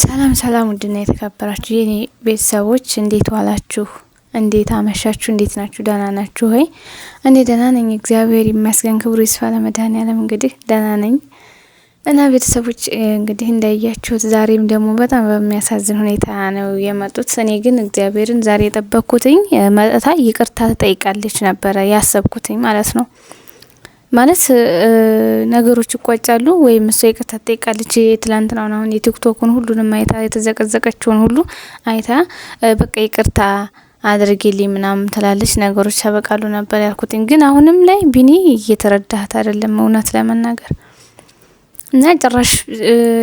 ሰላም ሰላም፣ ውድና የተከበራችሁ የኔ ቤተሰቦች እንዴት ዋላችሁ? እንዴት አመሻችሁ? እንዴት ናችሁ? ደህና ናችሁ ወይ እኔ ደህና ነኝ፣ እግዚአብሔር ይመስገን። ክብሩ ይስፋ ለመድኃኔዓለም። እንግዲህ ደህና ነኝ እና ቤተሰቦች እንግዲህ እንዳያችሁት ዛሬም ደግሞ በጣም በሚያሳዝን ሁኔታ ነው የመጡት። እኔ ግን እግዚአብሔርን ዛሬ የጠበቅኩትኝ መጠታ ይቅርታ ትጠይቃለች ነበረ ያሰብኩትኝ ማለት ነው ማለት ነገሮች ይቋጫሉ ወይም እሷ ይቅርታ ትጠይቃለች። የትላንትናውን አሁን የቲክቶኩን ሁሉንም አይታ የተዘቀዘቀችውን ሁሉ አይታ በቃ ይቅርታ አድርጌልኝ ምናምን ትላለች። ነገሮች ያበቃሉ ነበር ያልኩትኝ። ግን አሁንም ላይ ቢኒ እየተረዳህት አይደለም እውነት ለመናገር እና ጭራሽ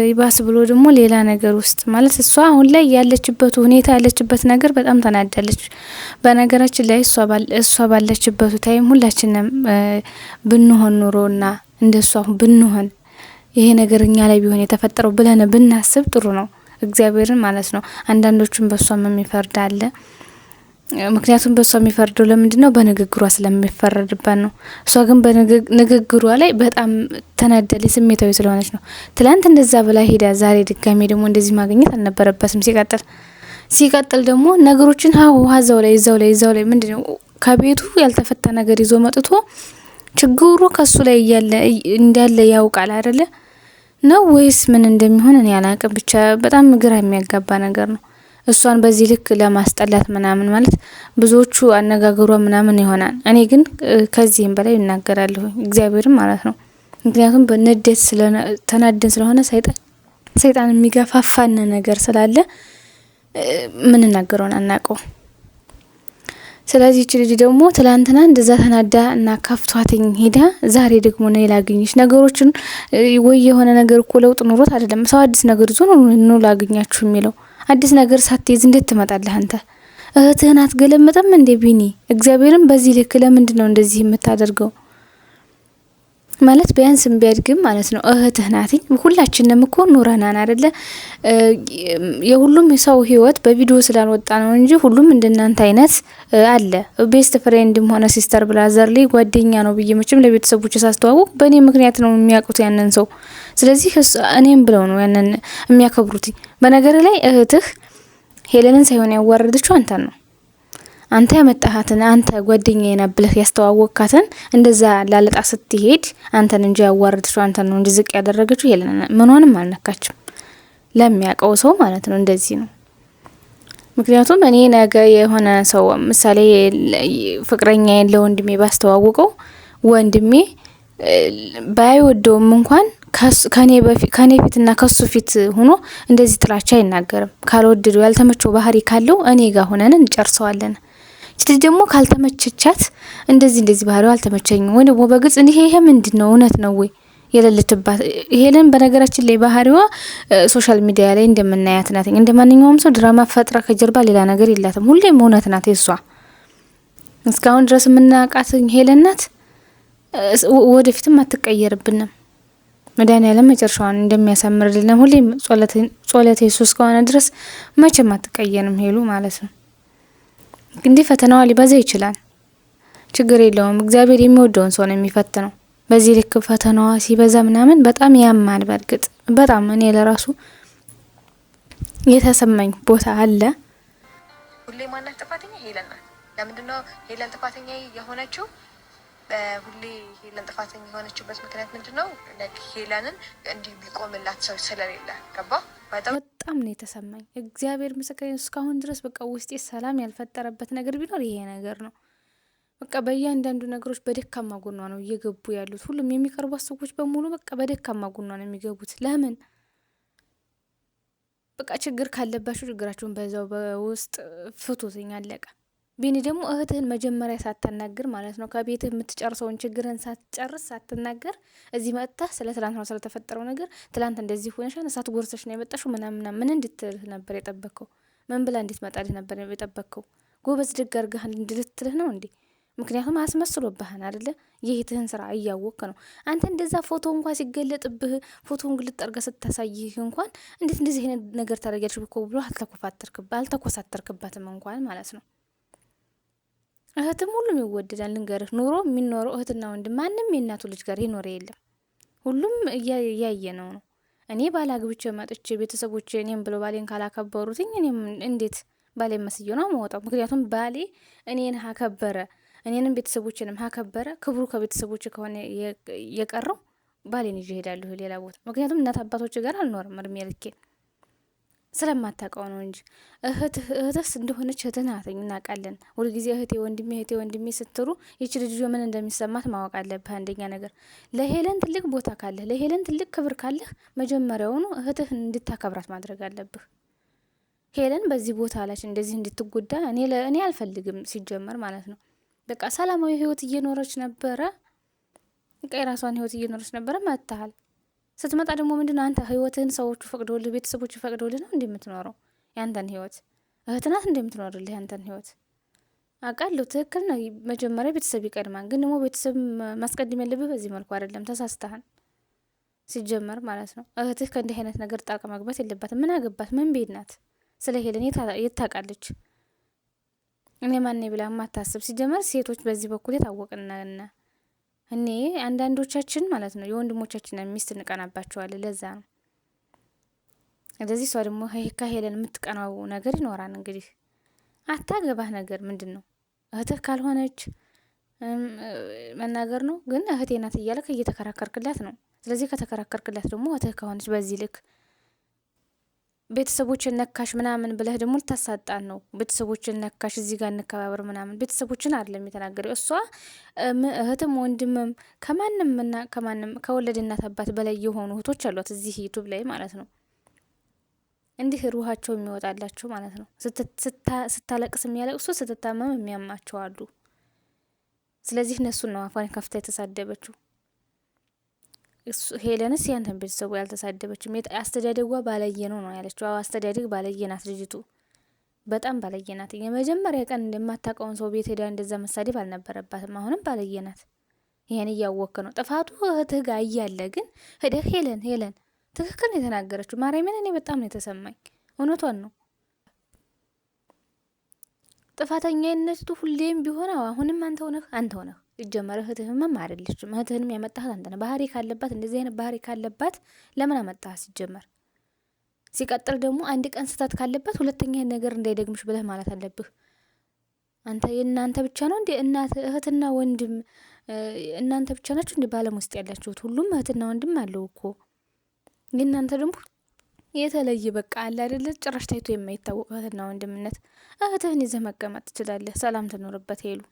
ይባስ ብሎ ደግሞ ሌላ ነገር ውስጥ ማለት እሷ አሁን ላይ ያለችበት ሁኔታ ያለችበት ነገር በጣም ተናዳለች። በነገራችን ላይ እሷ ባለችበት ታይም ሁላችንም ብንሆን ኑሮና እንደ እሷ ብንሆን ይሄ ነገር እኛ ላይ ቢሆን የተፈጠረው ብለን ብናስብ ጥሩ ነው። እግዚአብሔርን ማለት ነው። አንዳንዶቹን በእሷም የሚፈርድ አለ። ምክንያቱም በእሷ የሚፈርደው ለምንድን ነው? በንግግሯ ስለሚፈረድበት ነው። እሷ ግን በንግግሯ ላይ በጣም ተናደል ስሜታዊ ስለሆነች ነው። ትላንት እንደዛ ብላ ሄዳ ዛሬ ድጋሜ ደግሞ እንደዚህ ማግኘት አልነበረበትም። ሲቀጥል ሲቀጥል ደግሞ ነገሮችን ሀሁ ሀዛው ላይ እዛው ላይ እዛው ላይ ምንድን ነው ከቤቱ ያልተፈታ ነገር ይዞ መጥቶ ችግሩ ከሱ ላይ እንዳለ ያውቃል አይደለ ነው ወይስ ምን እንደሚሆን እኔ አላቅም። ብቻ በጣም ግራ የሚያጋባ ነገር ነው። እሷን በዚህ ልክ ለማስጠላት ምናምን ማለት ብዙዎቹ አነጋገሯ ምናምን ይሆናል። እኔ ግን ከዚህም በላይ ይናገራለሁ እግዚአብሔርም ማለት ነው። ምክንያቱም በንዴት ተናደን ስለሆነ ሰይጣን የሚገፋፋን ነገር ስላለ ምንናገረውን አናውቀው። ስለዚህ ይች ልጅ ደግሞ ትላንትና እንደዛ ተናዳ እና ከፍቷትኝ ሄዳ ዛሬ ደግሞ ነው ላገኘሽ ነገሮችን ወይ የሆነ ነገር እኮ ለውጥ ኑሮት አይደለም ሰው አዲስ ነገር ይዞ ነው ላገኛችሁ የሚለው አዲስ ነገር ሳትይዝ እንዴት ትመጣለህ አንተ? እህትህን አትገለምጥም እንዴ ቢኒ? እግዚአብሔርም በዚህ ልክ ለምንድን ነው እንደዚህ የምታደርገው? ማለት ቢያንስም ቢያድግም ማለት ነው እህትህ ናትኝ። ሁላችንም እኮ ኑረናን አደለ? የሁሉም ሰው ህይወት በቪዲዮ ስላልወጣ ነው እንጂ ሁሉም እንደናንተ አይነት አለ። ቤስት ፍሬንድም ሆነ ሲስተር ብላዘር ላይ ጓደኛ ነው ብዬ መቼም ለቤተሰቦች ሳስተዋውቅ በእኔ ምክንያት ነው የሚያውቁት ያንን ሰው። ስለዚህ እኔም ብለው ነው ያንን የሚያከብሩት በነገር ላይ እህትህ ሄለንን ሳይሆን ያዋረደችው አንተን ነው አንተ ያመጣሃትን አንተ ጓደኛ ናት ያስተዋወቅካትን እንደዛ ላለጣ ስትሄድ አንተን እንጂ ያዋረደችው አንተን ነው እንጂ ዝቅ ያደረገችው የለና ምኗንም አልነካችም። ለሚያውቀው ሰው ማለት ነው እንደዚህ ነው። ምክንያቱም እኔ ነገ የሆነ ሰው ምሳሌ ፍቅረኛዬን ለወንድሜ ባስተዋውቀው ወንድሜ ባይወደውም እንኳን ከኔ ፊትና ከሱ ፊት ሆኖ እንደዚህ ጥላቻ አይናገርም። ካልወደደው ያልተመቸው ባህሪ ካለው እኔ ጋር ሆነን እንጨርሰዋለን። ችልጅ ደግሞ ካልተመቸቻት እንደዚህ እንደዚህ ባህሪ አልተመቸኝም ወይ ደግሞ በግልጽ እንዲህ ይሄ ምንድን ነው እውነት ነው ወይ የሌለትባት ሄለን በነገራችን ላይ ባህሪዋ ሶሻል ሚዲያ ላይ እንደምናያት ናት። እንደ ማንኛውም ሰው ድራማ ፈጥራ ከጀርባ ሌላ ነገር የላትም። ሁሌም እውነት ናት። የሷ እስካሁን ድረስ የምናውቃት ሄለን ናት። ወደፊትም አትቀየርብንም። መድኃኒዓለም መጨረሻዋን እንደሚያሳምርልን ሁሌም ጸሎተ ኢየሱስ ከሆነ ድረስ መቼም አትቀየንም ሄሉ ማለት ነው። እንዲህ ፈተናዋ ሊበዛ ይችላል፣ ችግር የለውም። እግዚአብሔር የሚወደውን ሰው ነው የሚፈትነው። በዚህ ልክ ፈተናዋ ሲበዛ ምናምን በጣም ያማል። በእርግጥ በጣም እኔ ለራሱ የተሰማኝ ቦታ አለ። ሁሌ ማናት ጥፋተኛ ሄለን ናት። ለምንድነው ሄለን ጥፋተኛ የሆነችው? ሁሌ ሄለን ጥፋተኛ የሆነችበት ምክንያት ምንድን ነው? ሄለንን እንዲህ ቢቆምላት ሰው ስለሌለ ገባ። በጣም ነው የተሰማኝ። እግዚአብሔር ምስክር እስካሁን ድረስ በቃ ውስጤ ሰላም ያልፈጠረበት ነገር ቢኖር ይሄ ነገር ነው። በቃ በእያንዳንዱ ነገሮች በደካማ ጎኗ ነው እየገቡ ያሉት። ሁሉም የሚቀርቧት ሰዎች በሙሉ በቃ በደካማ ጎኗ ነው የሚገቡት። ለምን በቃ ችግር ካለባቸው ችግራቸውን በዛው በውስጥ ፍቱትኝ አለቀ። ቢኒ ደግሞ እህትህን መጀመሪያ ሳትናገር ማለት ነው ከቤትህ የምትጨርሰውን ችግርህን ሳትጨርስ ሳትናገር እዚህ መጥተህ ስለ ትላንት ነው ስለተፈጠረው ነገር ትላንት እንደዚህ ሆነሻል፣ እሳት ጎርሰሽ ነው የመጣሽው ምናምና ምን እንድትልህ ነበር የጠበቅከው? ምን ብላ እንዴት መጣልህ ነበር የጠበቅከው? ጎበዝ ድግ አድርገህ እንድልትልህ ነው እንዴ? ምክንያቱም አስመስሎብህን አደለ? የእህትህን ስራ እያወቅክ ነው አንተ። እንደዛ ፎቶ እንኳ ሲገለጥብህ ፎቶውን ግልጥ አድርገህ ስታሳይህ እንኳን እንዴት እንደዚህ ነገር ታደርጊያለሽ ብኮ ብሎ አልተኮሳተርክባትም እንኳን ማለት ነው እህትም ሁሉም ይወደዳል። ልንገርህ ኑሮ የሚኖረው እህትና ወንድ ማንም የእናቱ ልጅ ጋር ይኖረ የለም። ሁሉም እያየ ነው ነው እኔ ባላግብቼ መጥቼ ቤተሰቦቼ እኔም ብሎ ባሌን ካላከበሩትኝ እኔም እንዴት ባሌ መስዬ ነው መወጣው? ምክንያቱም ባሌ እኔን ሀከበረ እኔንም ቤተሰቦችንም ሀከበረ ክብሩ ከቤተሰቦች ከሆነ የቀረው ባሌን ይዤ እሄዳለሁ ሌላ ቦታ። ምክንያቱም እናት አባቶች ጋር አልኖርም እድሜ ልኬ ስለማታውቀው ነው እንጂ እህትህ እህትስ እንደሆነች እህት ናት፣ እናውቃለን። ሁልጊዜ እህቴ ወንድሜ፣ እህቴ ወንድሜ ስትሩ ይች ልጅ ምን እንደሚሰማት ማወቅ አለብህ። አንደኛ ነገር ለሄለን ትልቅ ቦታ ካለህ፣ ለሄለን ትልቅ ክብር ካለህ መጀመሪያውኑ እህትህ እንድታከብራት ማድረግ አለብህ። ሄለን በዚህ ቦታ አላች እንደዚህ እንድትጎዳ እኔ ለእኔ አልፈልግም ሲጀመር ማለት ነው። በቃ ሰላማዊ ህይወት እየኖረች ነበረ፣ በቃ የራሷን ህይወት እየኖረች ነበረ መታሃል ስትመጣ ደግሞ ምንድን አንተ ህይወትህን ሰዎቹ ፈቅዶልህ ቤተሰቦቹ ፈቅዶልህ ነው የምትኖረው? ያንተን ህይወት እህትናት የምትኖርልህ ያንተን ህይወት አውቃለሁ። ትክክል ነው። መጀመሪያ ቤተሰብ ይቀድማል። ግን ደግሞ ቤተሰብ ማስቀድም ያለብህ በዚህ መልኩ አይደለም። ተሳስተሃል ሲጀመር ማለት ነው። እህትህ ከእንዲህ አይነት ነገር ጣልቃ መግባት የለባትም። ምን አገባት? ምን ቤት ናት? ስለ ሄለን የት እኔ ማን ብላ ማታስብ ሲጀመር ሴቶች በዚህ በኩል የታወቅናና እኔ አንዳንዶቻችን ማለት ነው የወንድሞቻችንን ሚስት እንቀናባቸዋለን። ለዛ ነው እንደዚህ። እሷ ደግሞ ከሄለን የምትቀናው ነገር ይኖራል። እንግዲህ አታገባህ ነገር ምንድን ነው እህትህ ካልሆነች መናገር ነው። ግን እህቴ ናት እያለ እየተከራከርክላት ነው። ስለዚህ ከተከራከርክላት ደግሞ እህትህ ከሆነች በዚህ ልክ ቤተሰቦችን ነካሽ ምናምን ብለህ ደግሞ ልታሳጣን ነው። ቤተሰቦችን ነካሽ እዚህ ጋር እንከባበር ምናምን ቤተሰቦችን አይደለም የተናገረው። እሷ እህትም ወንድምም ከማንም እና ከማንም ከወለድ እናት አባት በላይ የሆኑ እህቶች አሏት እዚህ ዩቱብ ላይ ማለት ነው። እንዲህ ሩሃቸው የሚወጣላቸው ማለት ነው። ስታለቅስ የሚያለቅሱ ስትታመም የሚያማቸው አሉ። ስለዚህ እነሱን ነው አፏን ከፍታ የተሳደበችው። ሄለንስ ያንተን ቤተሰቡ ያልተሳደበችም አስተዳደጓ ባለየ ነው ነው ያለችው። አዎ አስተዳደግ ባለየናት ልጅቱ በጣም ባለየናት። የመጀመሪያ ቀን እንደማታውቀውን ሰው ቤት ሄዳ እንደዛ መሳደብ አልነበረባትም። አሁንም ባለየናት። ይሄን እያወክ ነው ጥፋቱ እህትህ ጋር እያለ ግን ሄደህ ሄለን ሄለን ትክክል ነው የተናገረችው። ማርያምን እኔ በጣም ነው የተሰማኝ። እውነቷን ነው። ጥፋተኛ የነቱ ሁሌም ቢሆን አሁንም አንተ ሆነህ አንተ ሆነህ ይጀመረ እህትህምም አይደለችም። እህትህንም ያመጣሃት አንተ ነህ። ባህሪ ካለባት እንደዚህ አይነት ባህሪ ካለባት ለምን አመጣህ? ሲጀመር ሲቀጥል ደግሞ አንድ ቀን ስህተት ካለባት ሁለተኛ ነገር እንዳይደግምሽ ብለህ ማለት አለብህ። አንተ የእናንተ ብቻ ነው እንዴ እናት እህትና ወንድም እናንተ ብቻ ናችሁ እንዲ በዓለም ውስጥ ያላችሁት? ሁሉም እህትና ወንድም አለው እኮ የእናንተ ደግሞ የተለየ በቃ አለ አይደለ? ጭራሽ ታይቶ የማይታወቅ እህትና ወንድምነት። እህትህን ይዘህ መቀመጥ ትችላለህ። ሰላም ትኖርበት ሄሉ